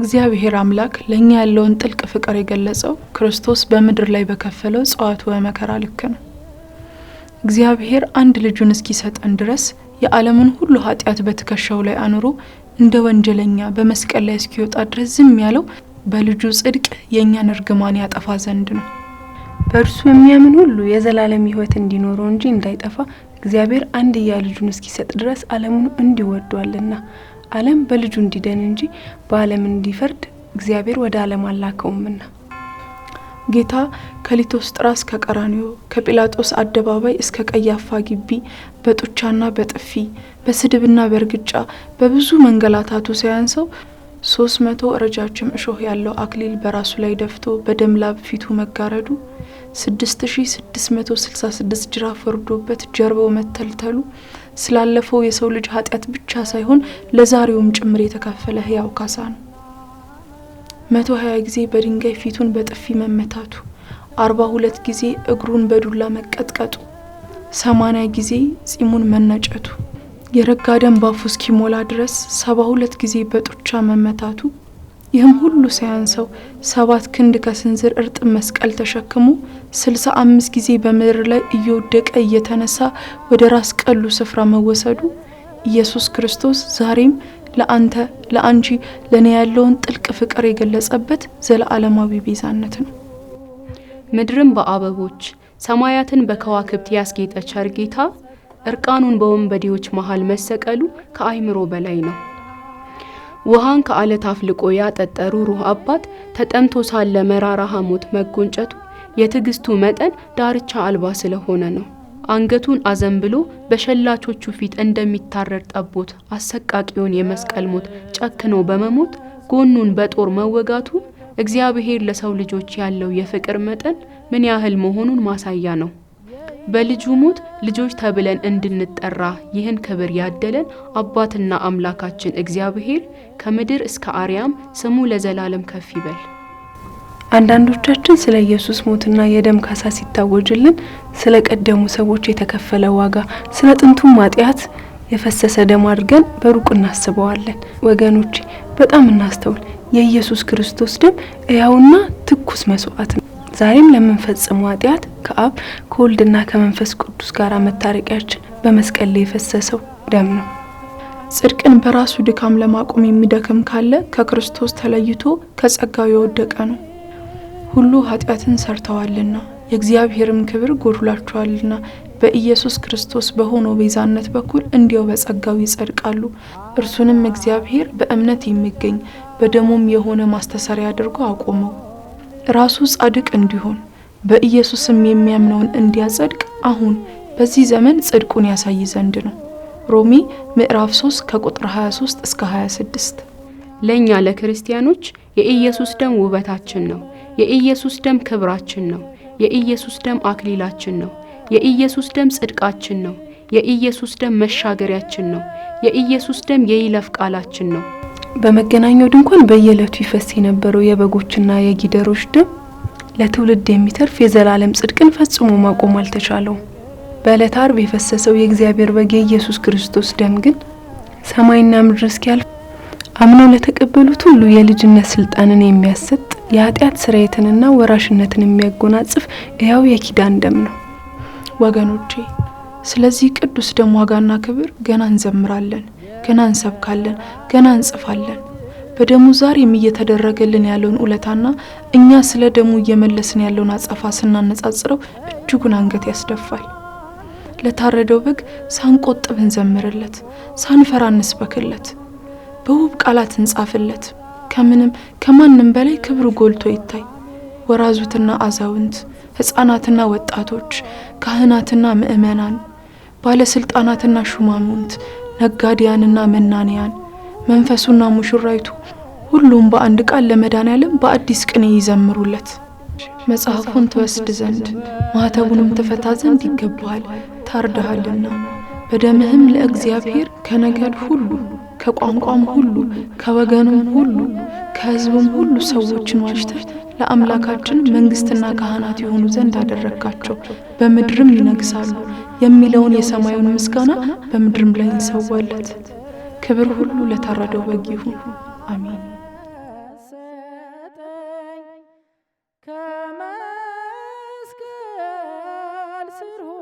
እግዚአብሔር አምላክ ለእኛ ያለውን ጥልቅ ፍቅር የገለጸው ክርስቶስ በምድር ላይ በከፈለው ጽዋት መከራ ልክ ነው። እግዚአብሔር አንድ ልጁን እስኪሰጠን ድረስ የዓለምን ሁሉ ኃጢአት በትከሻው ላይ አኑሮ እንደ ወንጀለኛ በመስቀል ላይ እስኪወጣ ድረስ ዝም ያለው በልጁ ጽድቅ የእኛን እርግማን ያጠፋ ዘንድ ነው። በእርሱ የሚያምን ሁሉ የዘላለም ሕይወት እንዲኖረው እንጂ እንዳይጠፋ እግዚአብሔር አንድያ ልጁን እስኪሰጥ ድረስ ዓለሙን እንዲወዷልና ዓለም በልጁ እንዲደን እንጂ በዓለም እንዲፈርድ እግዚአብሔር ወደ ዓለም አላከውምና። ጌታ ከሊቶስጥራ እስከ ቀራኒዮ ከጲላጦስ አደባባይ እስከ ቀያፋ ግቢ በጡቻና በጥፊ በስድብና በእርግጫ በብዙ መንገላታቱ ሳያንሰው ሶስት መቶ ረጃጅም እሾህ ያለው አክሊል በራሱ ላይ ደፍቶ በደም ላብ ፊቱ መጋረዱ ስድስት ሺ ስድስት መቶ ስልሳ ስድስት ጅራፍ ወርዶበት ጀርባው መተልተሉ ስላለፈው የሰው ልጅ ኃጢአት ብቻ ሳይሆን ለዛሬውም ጭምር የተካፈለ ህያው ካሳ ነው። መቶ ሀያ ጊዜ በድንጋይ ፊቱን በጥፊ መመታቱ፣ አርባ ሁለት ጊዜ እግሩን በዱላ መቀጥቀጡ፣ ሰማንያ ጊዜ ጺሙን መነጨቱ፣ የረጋ ደም ባፉ እስኪሞላ ድረስ ሰባ ሁለት ጊዜ በጡቻ መመታቱ ይህም ሁሉ ሳያንሰው ሰባት ክንድ ከስንዝር እርጥብ መስቀል ተሸክሞ ስልሳ አምስት ጊዜ በምድር ላይ እየወደቀ እየተነሳ ወደ ራስ ቀሉ ስፍራ መወሰዱ ኢየሱስ ክርስቶስ ዛሬም ለአንተ ለአንቺ ለእኔ ያለውን ጥልቅ ፍቅር የገለጸበት ዘለዓለማዊ ቤዛነት ነው። ምድርን በአበቦች ሰማያትን በከዋክብት ያስጌጠ ቸር ጌታ እርቃኑን በወንበዴዎች መሃል መሰቀሉ ከአይምሮ በላይ ነው። ውሃን ከአለት አፍልቆ ያጠጠሩ ሩህ አባት ተጠምቶ ሳለ መራራ ሐሞት መጎንጨቱ የትዕግስቱ መጠን ዳርቻ አልባ ስለሆነ ነው። አንገቱን አዘንብሎ በሸላቾቹ ፊት እንደሚታረድ ጠቦት አሰቃቂውን የመስቀል ሞት ጨክኖ በመሞት ጎኑን በጦር መወጋቱ እግዚአብሔር ለሰው ልጆች ያለው የፍቅር መጠን ምን ያህል መሆኑን ማሳያ ነው። በልጁ ሞት ልጆች ተብለን እንድንጠራ ይህን ክብር ያደለን አባትና አምላካችን እግዚአብሔር ከምድር እስከ አርያም ስሙ ለዘላለም ከፍ ይበል። አንዳንዶቻችን ስለ ኢየሱስ ሞትና የደም ካሳ ሲታወጅልን ስለ ቀደሙ ሰዎች የተከፈለ ዋጋ፣ ስለ ጥንቱም ኃጢአት የፈሰሰ ደም አድርገን በሩቅ እናስበዋለን። ወገኖቼ በጣም እናስተውል። የኢየሱስ ክርስቶስ ደም እያውና ትኩስ መስዋዕት ነው። ዛሬም ለምንፈጽመው ኃጢአት ከአብ ከወልድና ከመንፈስ ቅዱስ ጋር መታረቂያችን በመስቀል ላይ የፈሰሰው ደም ነው። ጽድቅን በራሱ ድካም ለማቆም የሚደክም ካለ ከክርስቶስ ተለይቶ ከጸጋው የወደቀ ነው። ሁሉ ኃጢአትን ሰርተዋልና የእግዚአብሔርም ክብር ጎድሏቸዋልና በኢየሱስ ክርስቶስ በሆነው ቤዛነት በኩል እንዲያው በጸጋው ይጸድቃሉ። እርሱንም እግዚአብሔር በእምነት የሚገኝ በደሙም የሆነ ማስተሰሪያ አድርጎ አቆመው። ራሱ ጻድቅ እንዲሆን በኢየሱስም የሚያምነውን እንዲያጸድቅ አሁን በዚህ ዘመን ጽድቁን ያሳይ ዘንድ ነው። ሮሚ ምዕራፍ 3 ከቁጥር 23 እስከ 26። ለእኛ ለክርስቲያኖች የኢየሱስ ደም ውበታችን ነው። የኢየሱስ ደም ክብራችን ነው። የኢየሱስ ደም አክሊላችን ነው። የኢየሱስ ደም ጽድቃችን ነው። የኢየሱስ ደም መሻገሪያችን ነው። የኢየሱስ ደም የይለፍ ቃላችን ነው። በመገናኛው ድንኳን በየዕለቱ ይፈስ የነበረው የበጎችና የጊደሮች ደም ለትውልድ የሚተርፍ የዘላለም ጽድቅን ፈጽሞ ማቆም አልተቻለውም። በዕለተ አርብ የፈሰሰው የእግዚአብሔር በግ የኢየሱስ ክርስቶስ ደም ግን ሰማይና ምድር እስኪያልፍ አምነው ለተቀበሉት ሁሉ የልጅነት ስልጣንን የሚያሰጥ የኃጢአት ስርየትንና ወራሽነትን የሚያጎናጽፍ እያው የኪዳን ደም ነው። ወገኖቼ ስለዚህ ቅዱስ ደም ዋጋና ክብር ገና እንዘምራለን። ገና እንሰብካለን፣ ገና እንጽፋለን። በደሙ ዛሬም እየተደረገልን ያለውን ውለታና እኛ ስለ ደሙ እየመለስን ያለውን አጸፋ ስናነጻጽረው እጅጉን አንገት ያስደፋል። ለታረደው በግ ሳንቆጥብ እንዘምርለት፣ ሳንፈራ እንስበክለት፣ በውብ ቃላት እንጻፍለት። ከምንም ከማንም በላይ ክብሩ ጎልቶ ይታይ። ወራዙትና አዛውንት፣ ሕፃናትና ወጣቶች፣ ካህናትና ምእመናን፣ ባለስልጣናትና ሹማምንት ነጋዴያንና መናንያን፣ መንፈሱና ሙሽራይቱ ሁሉም በአንድ ቃል ለመድኃኔዓለም በአዲስ ቅኔ ይዘምሩለት። መጽሐፉን ትወስድ ዘንድ ማኅተቡንም ትፈታ ዘንድ ይገባሃል፣ ታርደሃልና በደምህም ለእግዚአብሔር ከነገድ ሁሉ ከቋንቋም ሁሉ ከወገንም ሁሉ ከህዝብም ሁሉ ሰዎችን ዋጅተህ ለአምላካችን መንግስትና ካህናት የሆኑ ዘንድ አደረግካቸው፣ በምድርም ይነግሳሉ የሚለውን የሰማዩን ምስጋና በምድርም ላይ እንሰዋለት። ክብር ሁሉ ለታረደው በግ ይሁን። አሜን። ከመስቀል ስር